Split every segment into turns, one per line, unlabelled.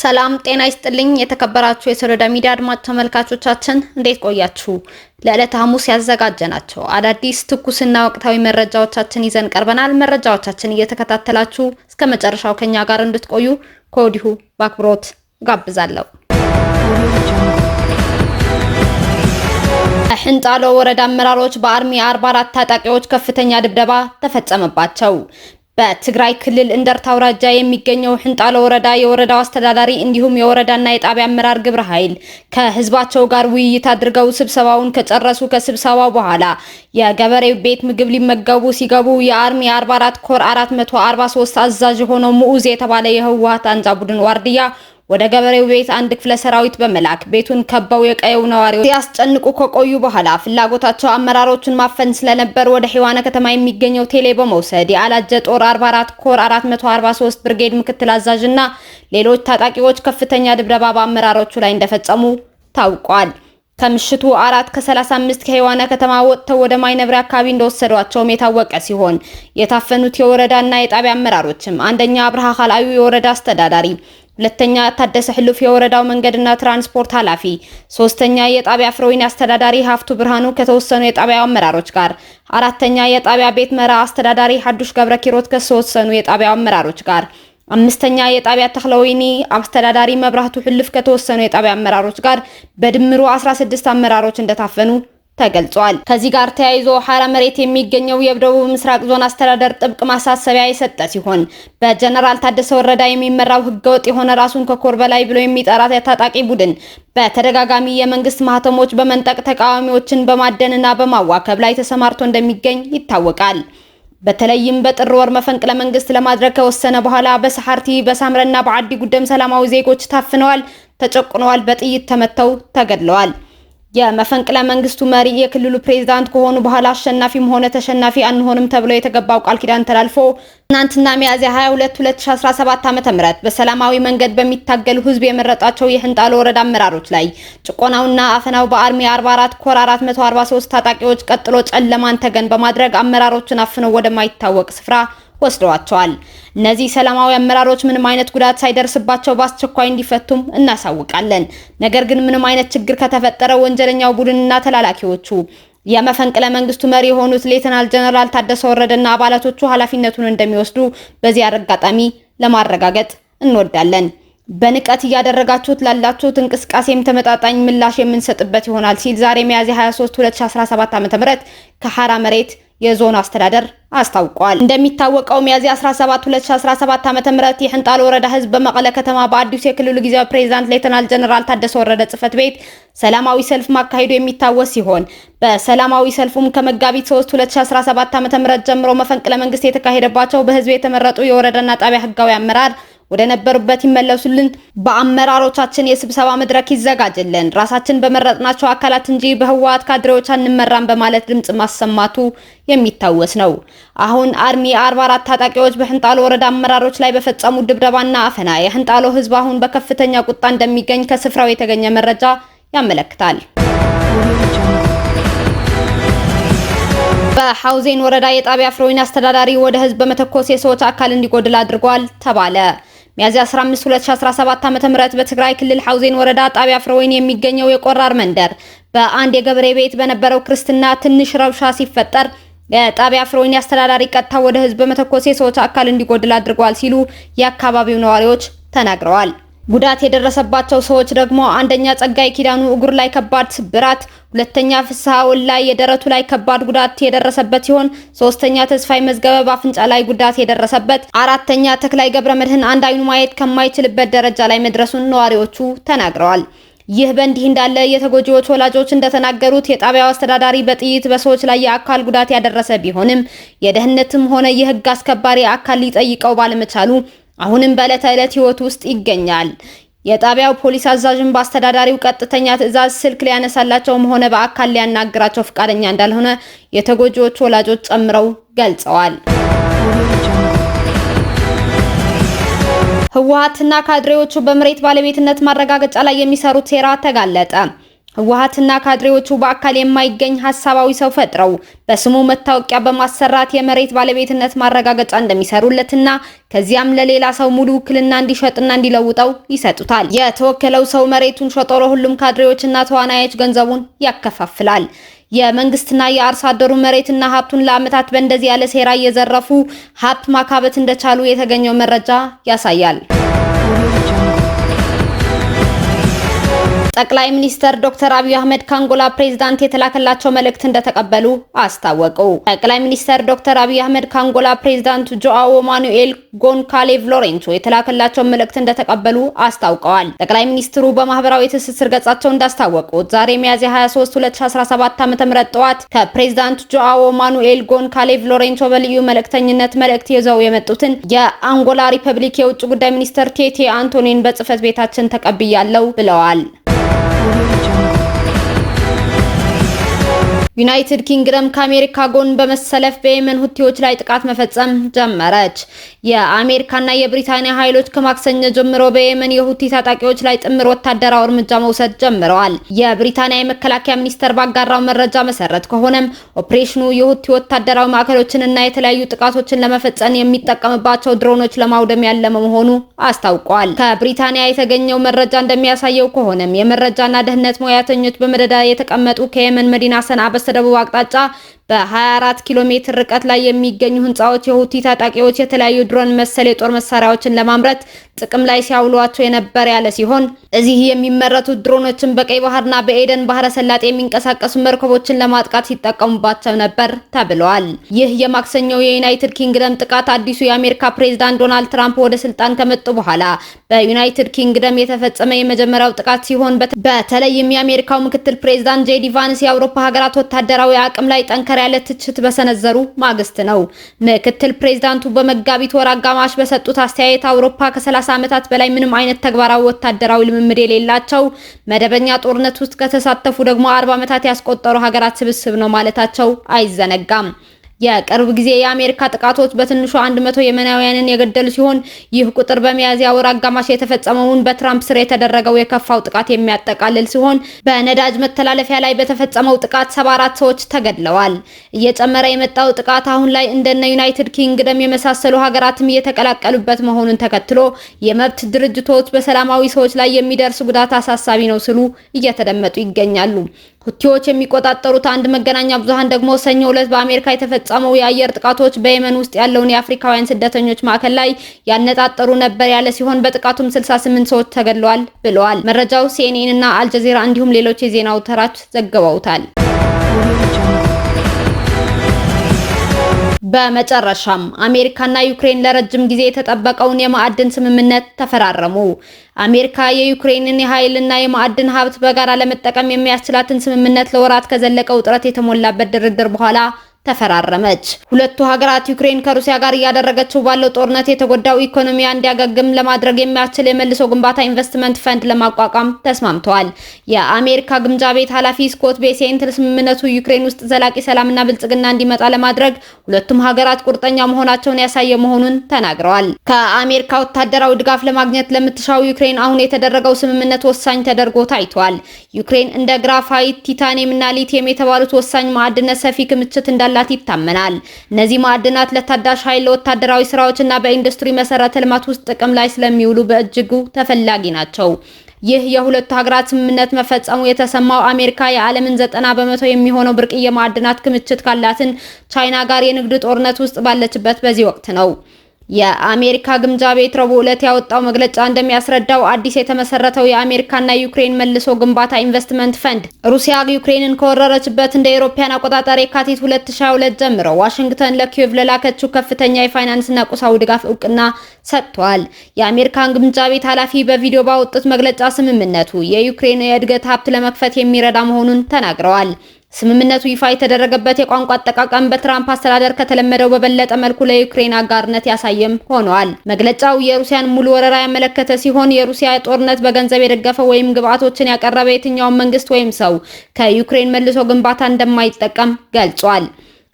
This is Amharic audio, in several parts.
ሰላም ጤና ይስጥልኝ። የተከበራችሁ የሶሎዳ ሚዲያ አድማጭ ተመልካቾቻችን እንዴት ቆያችሁ? ለዕለተ ሐሙስ ያዘጋጀናቸው አዳዲስ ትኩስና ወቅታዊ መረጃዎቻችን ይዘን ቀርበናል። መረጃዎቻችን እየተከታተላችሁ እስከ መጨረሻው ከኛ ጋር እንድትቆዩ ከወዲሁ በአክብሮት ጋብዛለሁ። ሕንጣሎ ወረዳ አመራሮች በአርሚ 44 ታጣቂዎች ከፍተኛ ድብደባ ተፈጸመባቸው። በትግራይ ክልል እንደርታ አውራጃ የሚገኘው ህንጣለ ወረዳ የወረዳው አስተዳዳሪ እንዲሁም የወረዳና የጣቢያ አመራር ግብረ ኃይል ከህዝባቸው ጋር ውይይት አድርገው ስብሰባውን ከጨረሱ ከስብሰባው በኋላ የገበሬው ቤት ምግብ ሊመገቡ ሲገቡ የአርሚ 44 ኮር 443 አዛዥ የሆነው ሙዑዝ የተባለ የህወሀት አንጃ ቡድን ዋርድያ ወደ ገበሬው ቤት አንድ ክፍለ ሰራዊት በመላክ ቤቱን ከበው የቀየው ነዋሪዎች ሲያስጨንቁ ከቆዩ በኋላ ፍላጎታቸው አመራሮቹን ማፈን ስለነበር ወደ ሔዋነ ከተማ የሚገኘው ቴሌ በመውሰድ የአላጀ ጦር 44 ኮር 443 ብርጌድ ምክትል አዛዥና ሌሎች ታጣቂዎች ከፍተኛ ድብደባ በአመራሮቹ ላይ እንደፈጸሙ ታውቋል። ከምሽቱ አራት ከ35 ከሔዋነ ከተማ ወጥተው ወደ ማይነብሪ አካባቢ እንደወሰዷቸውም የታወቀ ሲሆን የታፈኑት የወረዳና የጣቢያ አመራሮችም አንደኛ አብርሃ ካላዩ የወረዳ አስተዳዳሪ ሁለተኛ ታደሰ ህልፍ የወረዳው መንገድና ትራንስፖርት ኃላፊ፣ ሶስተኛ የጣቢያ ፍሮዊን አስተዳዳሪ ሀፍቱ ብርሃኑ ከተወሰኑ የጣቢያ አመራሮች ጋር፣ አራተኛ የጣቢያ ቤት መራ አስተዳዳሪ ሀዱሽ ገብረ ኪሮት ከተወሰኑ የጣቢያ አመራሮች ጋር፣ አምስተኛ የጣቢያ ተክለወይኒ አስተዳዳሪ መብራቱ ህልፍ ከተወሰኑ የጣቢያ አመራሮች ጋር በድምሩ 16 አመራሮች እንደታፈኑ ተገልጿል። ከዚህ ጋር ተያይዞ ሐራ መሬት የሚገኘው የደቡብ ምስራቅ ዞን አስተዳደር ጥብቅ ማሳሰቢያ የሰጠ ሲሆን በጀነራል ታደሰ ወረዳ የሚመራው ህገወጥ የሆነ ራሱን ከኮር በላይ ብሎ የሚጠራ ታጣቂ ቡድን በተደጋጋሚ የመንግስት ማህተሞች በመንጠቅ ተቃዋሚዎችን በማደንና በማዋከብ ላይ ተሰማርቶ እንደሚገኝ ይታወቃል። በተለይም በጥር ወር መፈንቅለ መንግስት ለማድረግ ከወሰነ በኋላ በሰሐርቲ በሳምረና በአዲ ጉደም ሰላማዊ ዜጎች ታፍነዋል፣ ተጨቁነዋል፣ በጥይት ተመተው ተገድለዋል። የመፈንቅለ መንግስቱ መሪ የክልሉ ፕሬዝዳንት ከሆኑ በኋላ አሸናፊም ሆነ ተሸናፊ አንሆንም ተብሎ የተገባው ቃል ኪዳን ተላልፎ ትናንትና ሚያዝያ 22 2017 ዓ.ም በሰላማዊ መንገድ በሚታገሉ ህዝብ የመረጣቸው የህንጣሎ ወረዳ አመራሮች ላይ ጭቆናውና አፈናው በአርሚ 44 ኮር 443 ታጣቂዎች ቀጥሎ ጨለማን ተገን በማድረግ አመራሮችን አፍነው ወደማይታወቅ ስፍራ ወስደዋቸዋል። እነዚህ ሰላማዊ አመራሮች ምንም አይነት ጉዳት ሳይደርስባቸው በአስቸኳይ እንዲፈቱም እናሳውቃለን። ነገር ግን ምንም አይነት ችግር ከተፈጠረ ወንጀለኛው ቡድንና ተላላኪዎቹ የመፈንቅለ መንግስቱ መሪ የሆኑት ሌተናል ጀነራል ታደሰ ወረደና አባላቶቹ ኃላፊነቱን እንደሚወስዱ በዚህ አጋጣሚ ለማረጋገጥ እንወዳለን። በንቀት እያደረጋችሁት ላላችሁት እንቅስቃሴም ተመጣጣኝ ምላሽ የምንሰጥበት ይሆናል ሲል ዛሬ ሚያዝያ 23 2017 ም ከሐራ መሬት የዞኑ አስተዳደር አስታውቋል። እንደሚታወቀው ሚያዝያ 17 2017 ዓ.ም የህንጣል ወረዳ ህዝብ በመቀለ ከተማ በአዲሱ የክልሉ ጊዜያዊ ፕሬዝዳንት ሌተናል ጀነራል ታደሰ ወረደ ጽህፈት ቤት ሰላማዊ ሰልፍ ማካሄዱ የሚታወስ ሲሆን በሰላማዊ ሰልፉም ከመጋቢት 3 2017 ዓ.ም ጀምሮ መፈንቅለ መንግስት የተካሄደባቸው በህዝብ የተመረጡ የወረዳና ጣቢያ ህጋዊ አመራር ወደ ነበሩበት ይመለሱልን፣ በአመራሮቻችን የስብሰባ መድረክ ይዘጋጅልን፣ ራሳችን በመረጥናቸው አካላት እንጂ በህወሓት ካድሬዎች አንመራም በማለት ድምጽ ማሰማቱ የሚታወስ ነው። አሁን አርሚ 44 ታጣቂዎች በህንጣሎ ወረዳ አመራሮች ላይ በፈጸሙ ድብደባና አፈና የህንጣሎ ህዝብ አሁን በከፍተኛ ቁጣ እንደሚገኝ ከስፍራው የተገኘ መረጃ ያመለክታል። በሐውዜን ወረዳ የጣቢያ ፍሮይን አስተዳዳሪ ወደ ህዝብ በመተኮስ የሰዎች አካል እንዲጎድል አድርጓል ተባለ። ሚያዝያ 15 2017 ዓ.ም በትግራይ ክልል ሐውዜን ወረዳ ጣቢያ ፍረወይን የሚገኘው የቆራር መንደር በአንድ የገበሬ ቤት በነበረው ክርስትና ትንሽ ረብሻ ሲፈጠር የጣቢያ ፍረወይን አስተዳዳሪ ቀጥታ ወደ ህዝብ በመተኮስ የሰዎች አካል እንዲጎድል አድርጓል ሲሉ የአካባቢው ነዋሪዎች ተናግረዋል። ጉዳት የደረሰባቸው ሰዎች ደግሞ አንደኛ ጸጋይ ኪዳኑ እግሩ ላይ ከባድ ስብራት፣ ሁለተኛ ፍስሐ ላይ የደረቱ ላይ ከባድ ጉዳት የደረሰበት ሲሆን ሶስተኛ ተስፋይ መዝገበ በአፍንጫ ላይ ጉዳት የደረሰበት፣ አራተኛ ተክላይ ገብረ መድህን አንድ አይኑ ማየት ከማይችልበት ደረጃ ላይ መድረሱን ነዋሪዎቹ ተናግረዋል። ይህ በእንዲህ እንዳለ የተጎጂዎች ወላጆች እንደተናገሩት የጣቢያው አስተዳዳሪ በጥይት በሰዎች ላይ የአካል ጉዳት ያደረሰ ቢሆንም የደህንነትም ሆነ የሕግ አስከባሪ አካል ሊጠይቀው ባለመቻሉ አሁንም በዕለት ተዕለት ህይወት ውስጥ ይገኛል። የጣቢያው ፖሊስ አዛዥም በአስተዳዳሪው ቀጥተኛ ትዕዛዝ ስልክ ሊያነሳላቸውም ሆነ በአካል ሊያናግራቸው ፈቃደኛ እንዳልሆነ የተጎጂዎቹ ወላጆች ጨምረው ገልጸዋል። ህወሓትና ካድሬዎቹ በመሬት ባለቤትነት ማረጋገጫ ላይ የሚሰሩት ሴራ ተጋለጠ። ህወሓትና ካድሬዎቹ በአካል የማይገኝ ሀሳባዊ ሰው ፈጥረው በስሙ መታወቂያ በማሰራት የመሬት ባለቤትነት ማረጋገጫ እንደሚሰሩለትና ከዚያም ለሌላ ሰው ሙሉ ውክልና እንዲሸጥና እንዲለውጠው ይሰጡታል። የተወከለው ሰው መሬቱን ሸጦ ለሁሉም ካድሬዎችና ተዋናዮች ገንዘቡን ያከፋፍላል። የመንግስትና የአርሶ አደሩ መሬትና ሀብቱን ለአመታት በእንደዚህ ያለ ሴራ እየዘረፉ ሀብት ማካበት እንደቻሉ የተገኘው መረጃ ያሳያል። ጠቅላይ ሚኒስትር ዶክተር አብይ አህመድ ከአንጎላ ፕሬዝዳንት የተላከላቸው መልእክት እንደተቀበሉ አስታወቁ። ጠቅላይ ሚኒስተር ዶክተር አብይ አህመድ ከአንጎላ ፕሬዝዳንት ጆአዎ ማኑኤል ጎንካሌቭ ሎሬንሶ የተላከላቸውን መልእክት እንደተቀበሉ አስታውቀዋል። ጠቅላይ ሚኒስትሩ በማህበራዊ ትስስር ገጻቸው እንዳስታወቁት ዛሬ ሚያዝያ 23 2017 ዓ.ም ጠዋት ከፕሬዝዳንት ጆአዎ ማኑኤል ጎንካሌቭ ሎሬንሶ በልዩ መልእክተኝነት መልእክት ይዘው የመጡትን የአንጎላ ሪፐብሊክ የውጭ ጉዳይ ሚኒስትር ቴቴ አንቶኒን በጽህፈት ቤታችን ተቀብያለሁ ብለዋል። 我有一张。ዩናይትድ ኪንግደም ከአሜሪካ ጎን በመሰለፍ በየመን ሁቲዎች ላይ ጥቃት መፈጸም ጀመረች። የአሜሪካና የብሪታንያ ኃይሎች ከማክሰኞ ጀምሮ በየመን የሁቲ ታጣቂዎች ላይ ጥምር ወታደራዊ እርምጃ መውሰድ ጀምረዋል። የብሪታንያ የመከላከያ ሚኒስተር ባጋራው መረጃ መሰረት ከሆነም ኦፕሬሽኑ የሁቲ ወታደራዊ እና የተለያዩ ጥቃቶችን ለመፈጸም የሚጠቀምባቸው ድሮኖች ለማውደም ያለመ መሆኑ አስታውቋል። ከብሪታንያ የተገኘው መረጃ እንደሚያሳየው ከሆነም የመረጃና ደህንነት ሙያተኞች በመደዳ የተቀመጡ ከየመን መዲና ሰንዓ በስተደቡብ አቅጣጫ በ24 ኪሎ ሜትር ርቀት ላይ የሚገኙ ህንፃዎች የሁቲ ታጣቂዎች የተለያዩ ድሮን መሰል የጦር መሳሪያዎችን ለማምረት ጥቅም ላይ ሲያውሏቸው የነበረ ያለ ሲሆን እዚህ የሚመረቱት ድሮኖችን በቀይ ባህርና በኤደን ባህረ ሰላጤ የሚንቀሳቀሱ መርከቦችን ለማጥቃት ሲጠቀሙባቸው ነበር ተብለዋል። ይህ የማክሰኞው የዩናይትድ ኪንግደም ጥቃት አዲሱ የአሜሪካ ፕሬዝዳንት ዶናልድ ትራምፕ ወደ ስልጣን ከመጡ በኋላ በዩናይትድ ኪንግደም የተፈጸመ የመጀመሪያው ጥቃት ሲሆን በተለይም የአሜሪካው ምክትል ፕሬዝዳንት ጄዲ ቫንስ የአውሮፓ ሀገራት ወታደራዊ አቅም ላይ ጠንከር መጀመሪያ ትችት በሰነዘሩ ማግስት ነው። ምክትል ፕሬዚዳንቱ በመጋቢት ወር አጋማሽ በሰጡት አስተያየት አውሮፓ ከ30 ዓመታት በላይ ምንም አይነት ተግባራዊ ወታደራዊ ልምምድ የሌላቸው መደበኛ ጦርነት ውስጥ ከተሳተፉ ደግሞ 40 ዓመታት ያስቆጠሩ ሀገራት ስብስብ ነው ማለታቸው አይዘነጋም። የቅርብ ጊዜ የአሜሪካ ጥቃቶች በትንሹ 100 የመናውያንን የገደሉ ሲሆን ይህ ቁጥር በሚያዝያ ወር አጋማሽ የተፈጸመውን በትራምፕ ስር የተደረገው የከፋው ጥቃት የሚያጠቃልል ሲሆን በነዳጅ መተላለፊያ ላይ በተፈጸመው ጥቃት 74 ሰዎች ተገድለዋል። እየጨመረ የመጣው ጥቃት አሁን ላይ እንደነ ዩናይትድ ኪንግደም የመሳሰሉ ሀገራትም እየተቀላቀሉበት መሆኑን ተከትሎ የመብት ድርጅቶች በሰላማዊ ሰዎች ላይ የሚደርስ ጉዳት አሳሳቢ ነው ሲሉ እየተደመጡ ይገኛሉ። ሁቲዎች የሚቆጣጠሩት አንድ መገናኛ ብዙሃን ደግሞ ሰኞ ዕለት በአሜሪካ የተፈጸመው የአየር ጥቃቶች በየመን ውስጥ ያለውን የአፍሪካውያን ስደተኞች ማዕከል ላይ ያነጣጠሩ ነበር ያለ ሲሆን በጥቃቱም 68 ሰዎች ተገድለዋል ብለዋል። መረጃው ሲኤንኤን እና አልጀዚራ እንዲሁም ሌሎች የዜና አውታሮች ዘግበውታል። በመጨረሻም አሜሪካና ዩክሬን ለረጅም ጊዜ የተጠበቀውን የማዕድን ስምምነት ተፈራረሙ። አሜሪካ የዩክሬንን የኃይልና የማዕድን ሀብት በጋራ ለመጠቀም የሚያስችላትን ስምምነት ለወራት ከዘለቀ ውጥረት የተሞላበት ድርድር በኋላ ተፈራረመች። ሁለቱ ሀገራት ዩክሬን ከሩሲያ ጋር እያደረገችው ባለው ጦርነት የተጎዳው ኢኮኖሚ እንዲያገግም ለማድረግ የሚያስችል የመልሶ ግንባታ ኢንቨስትመንት ፈንድ ለማቋቋም ተስማምተዋል። የአሜሪካ ግምጃ ቤት ኃላፊ ስኮት ቤሴንት ስምምነቱ ዩክሬን ውስጥ ዘላቂ ሰላምና ብልጽግና እንዲመጣ ለማድረግ ሁለቱም ሀገራት ቁርጠኛ መሆናቸውን ያሳየ መሆኑን ተናግረዋል። ከአሜሪካ ወታደራዊ ድጋፍ ለማግኘት ለምትሻው ዩክሬን አሁን የተደረገው ስምምነት ወሳኝ ተደርጎ ታይቷል። ዩክሬን እንደ ግራፋይት፣ ቲታኒየም እና ሊቲየም የተባሉት ወሳኝ ማዕድነት ሰፊ ክምችት እንዳ እንዳላት ይታመናል። እነዚህ ማዕድናት ለታዳሽ ኃይል፣ ለወታደራዊ ስራዎችና በኢንዱስትሪ መሰረተ ልማት ውስጥ ጥቅም ላይ ስለሚውሉ በእጅጉ ተፈላጊ ናቸው። ይህ የሁለቱ ሀገራት ስምምነት መፈጸሙ የተሰማው አሜሪካ የዓለምን ዘጠና በመቶ የሚሆነው ብርቅዬ ማዕድናት ክምችት ካላትን ቻይና ጋር የንግድ ጦርነት ውስጥ ባለችበት በዚህ ወቅት ነው። የአሜሪካ ግምጃ ቤት ረቡዕ ዕለት ያወጣው መግለጫ እንደሚያስረዳው አዲስ የተመሰረተው የአሜሪካና ዩክሬን መልሶ ግንባታ ኢንቨስትመንት ፈንድ ሩሲያ ዩክሬንን ከወረረችበት እንደ ኤሮፓያን አቆጣጠር የካቲት 2022 ጀምሮ ዋሽንግተን ለኪየቭ ለላከችው ከፍተኛ የፋይናንስና ቁሳዊ ድጋፍ እውቅና ሰጥቷል። የአሜሪካን ግምጃ ቤት ኃላፊ በቪዲዮ ባወጡት መግለጫ ስምምነቱ የዩክሬን የእድገት ሀብት ለመክፈት የሚረዳ መሆኑን ተናግረዋል። ስምምነቱ ይፋ የተደረገበት የቋንቋ አጠቃቀም በትራምፕ አስተዳደር ከተለመደው በበለጠ መልኩ ለዩክሬን አጋርነት ያሳየም ሆኗል። መግለጫው የሩሲያን ሙሉ ወረራ ያመለከተ ሲሆን የሩሲያ ጦርነት በገንዘብ የደገፈ ወይም ግብዓቶችን ያቀረበ የትኛውን መንግስት ወይም ሰው ከዩክሬን መልሶ ግንባታ እንደማይጠቀም ገልጿል።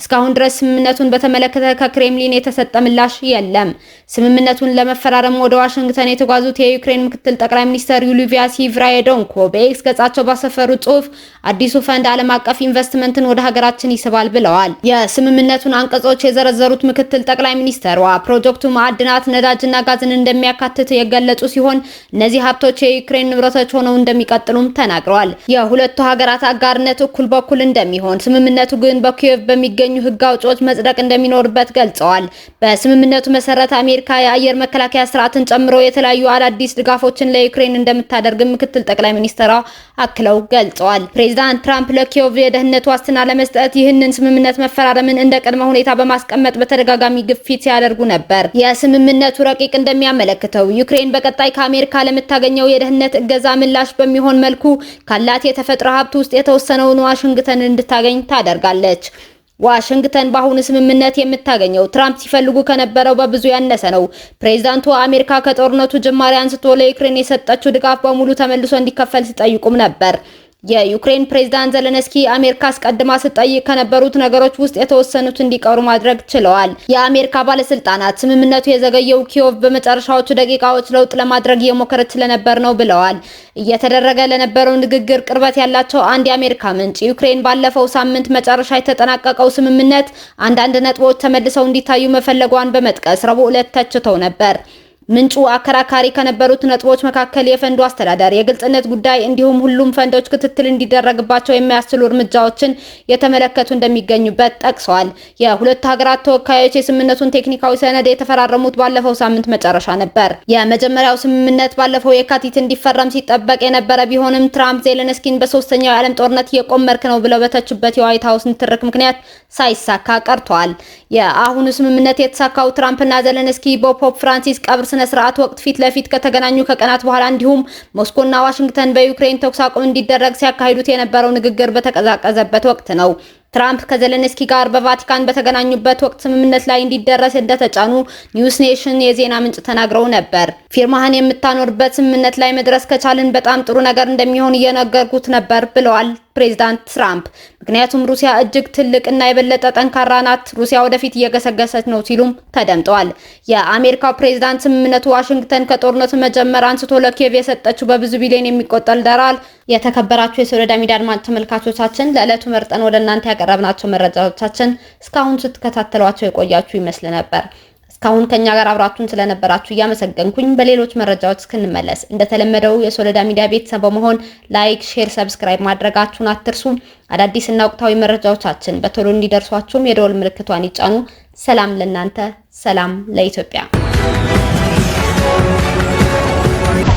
እስካሁን ድረስ ስምምነቱን በተመለከተ ከክሬምሊን የተሰጠ ምላሽ የለም። ስምምነቱን ለመፈራረም ወደ ዋሽንግተን የተጓዙት የዩክሬን ምክትል ጠቅላይ ሚኒስትር ዩሊቪያ ሲቭራየዶንኮ በኤክስ ገጻቸው ባሰፈሩ ጽሁፍ አዲሱ ፈንድ ዓለም አቀፍ ኢንቨስትመንትን ወደ ሀገራችን ይስባል ብለዋል። የስምምነቱን አንቀጾች የዘረዘሩት ምክትል ጠቅላይ ሚኒስትሯ ፕሮጀክቱ ማዕድናት፣ ነዳጅና ጋዝን እንደሚያካትት የገለጹ ሲሆን እነዚህ ሀብቶች የዩክሬን ንብረቶች ሆነው እንደሚቀጥሉም ተናግረዋል። የሁለቱ ሀገራት አጋርነት እኩል በኩል እንደሚሆን ስምምነቱ ግን በኪየቭ በሚገ የሚገኙ ህግ አውጪዎች መጽደቅ እንደሚኖርበት ገልጸዋል። በስምምነቱ መሰረት አሜሪካ የአየር መከላከያ ስርዓትን ጨምሮ የተለያዩ አዳዲስ ድጋፎችን ለዩክሬን እንደምታደርግ ምክትል ጠቅላይ ሚኒስትሯ አክለው ገልጸዋል። ፕሬዚዳንት ትራምፕ ለኪዮቭ የደህንነት ዋስትና ለመስጠት ይህንን ስምምነት መፈራረምን እንደ ቅድመ ሁኔታ በማስቀመጥ በተደጋጋሚ ግፊት ሲያደርጉ ነበር። የስምምነቱ ረቂቅ እንደሚያመለክተው ዩክሬን በቀጣይ ከአሜሪካ ለምታገኘው የደህንነት እገዛ ምላሽ በሚሆን መልኩ ካላት የተፈጥሮ ሀብት ውስጥ የተወሰነውን ዋሽንግተን እንድታገኝ ታደርጋለች። ዋሽንግተን በአሁኑ ስምምነት የምታገኘው ትራምፕ ሲፈልጉ ከነበረው በብዙ ያነሰ ነው። ፕሬዚዳንቱ አሜሪካ ከጦርነቱ ጅማሬ አንስቶ ለዩክሬን የሰጠችው ድጋፍ በሙሉ ተመልሶ እንዲከፈል ሲጠይቁም ነበር። የዩክሬን ፕሬዝዳንት ዘለንስኪ አሜሪካ አስቀድማ ስትጠይቅ ከነበሩት ነገሮች ውስጥ የተወሰኑት እንዲቀሩ ማድረግ ችለዋል። የአሜሪካ ባለስልጣናት ስምምነቱ የዘገየው ኪዮቭ በመጨረሻዎቹ ደቂቃዎች ለውጥ ለማድረግ እየሞከረች ስለነበር ነው ብለዋል። እየተደረገ ለነበረው ንግግር ቅርበት ያላቸው አንድ የአሜሪካ ምንጭ ዩክሬን ባለፈው ሳምንት መጨረሻ የተጠናቀቀው ስምምነት አንዳንድ ነጥቦች ተመልሰው እንዲታዩ መፈለጓን በመጥቀስ ረቡዕ ዕለት ተችተው ነበር። ምንጩ አከራካሪ ከነበሩት ነጥቦች መካከል የፈንዱ አስተዳደር የግልጽነት ጉዳይ እንዲሁም ሁሉም ፈንዶች ክትትል እንዲደረግባቸው የሚያስችሉ እርምጃዎችን የተመለከቱ እንደሚገኙበት ጠቅሰዋል። የሁለቱ ሀገራት ተወካዮች የስምምነቱን ቴክኒካዊ ሰነድ የተፈራረሙት ባለፈው ሳምንት መጨረሻ ነበር። የመጀመሪያው ስምምነት ባለፈው የካቲት እንዲፈረም ሲጠበቅ የነበረ ቢሆንም ትራምፕ ዜሌንስኪን በሶስተኛው የዓለም ጦርነት የቆመርክ ነው ብለው በተቹበት የዋይት ሀውስ ንትርክ ምክንያት ሳይሳካ ቀርቷል። የአሁኑ ስምምነት የተሳካው ትራምፕና ዜሌንስኪ በፖፕ ፍራንሲስ ቀብር ስነ ስርዓት ወቅት ፊት ለፊት ከተገናኙ ከቀናት በኋላ እንዲሁም ሞስኮና ዋሽንግተን በዩክሬን ተኩስ አቁም እንዲደረግ ሲያካሂዱት የነበረው ንግግር በተቀዛቀዘበት ወቅት ነው። ትራምፕ ከዘለንስኪ ጋር በቫቲካን በተገናኙበት ወቅት ስምምነት ላይ እንዲደረስ እንደተጫኑ ኒውስ ኔሽን የዜና ምንጭ ተናግረው ነበር። ፊርማህን የምታኖርበት ስምምነት ላይ መድረስ ከቻልን በጣም ጥሩ ነገር እንደሚሆን እየነገርኩት ነበር ብለዋል ፕሬዚዳንት ትራምፕ። ምክንያቱም ሩሲያ እጅግ ትልቅ እና የበለጠ ጠንካራ ናት፣ ሩሲያ ወደፊት እየገሰገሰች ነው ሲሉም ተደምጠዋል። የአሜሪካው ፕሬዚዳንት ስምምነቱ ዋሽንግተን ከጦርነቱ መጀመር አንስቶ ለኪየቭ የሰጠችው በብዙ ቢሊዮን የሚቆጠር ደራል። የተከበራችሁ የሶሎዳ ሚዲያ አድማጭ ተመልካቾቻችን ለዕለቱ መርጠን ወደ እናንተ ያቀረብናቸው መረጃዎቻችን እስካሁን ስትከታተሏቸው የቆያችሁ ይመስል ነበር። እስካሁን ከኛ ጋር አብራችሁን ስለነበራችሁ እያመሰገንኩኝ በሌሎች መረጃዎች እስክንመለስ እንደተለመደው የሶለዳ ሚዲያ ቤተሰብ በመሆን ላይክ፣ ሼር፣ ሰብስክራይብ ማድረጋችሁን አትርሱ። አዳዲስና ወቅታዊ መረጃዎቻችን በቶሎ እንዲደርሷችሁም የደወል ምልክቷን ይጫኑ። ሰላም ለእናንተ፣ ሰላም ለኢትዮጵያ።